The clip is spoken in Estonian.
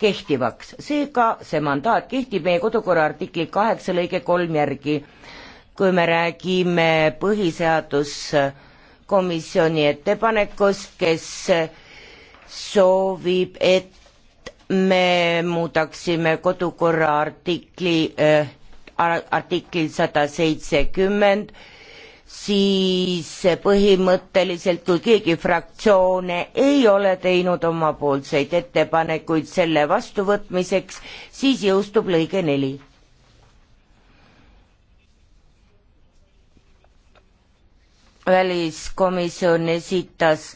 kehtivaks. seega see mandaat kehtib meie kodukorra artikli kaheksa lõige kolm järgi. kui me räägime põhiseaduskomisjoni ettepanekust, kes soovib, et me muudaksime kodukorra artikli äh,, artikli sada seitsekümmend siis põhimõtteliselt, kui keegi fraktsioone ei ole teinud omapoolseid ettepanekuid selle vastuvõtmiseks, siis jõustub lõige neli. väliskomisjon esitas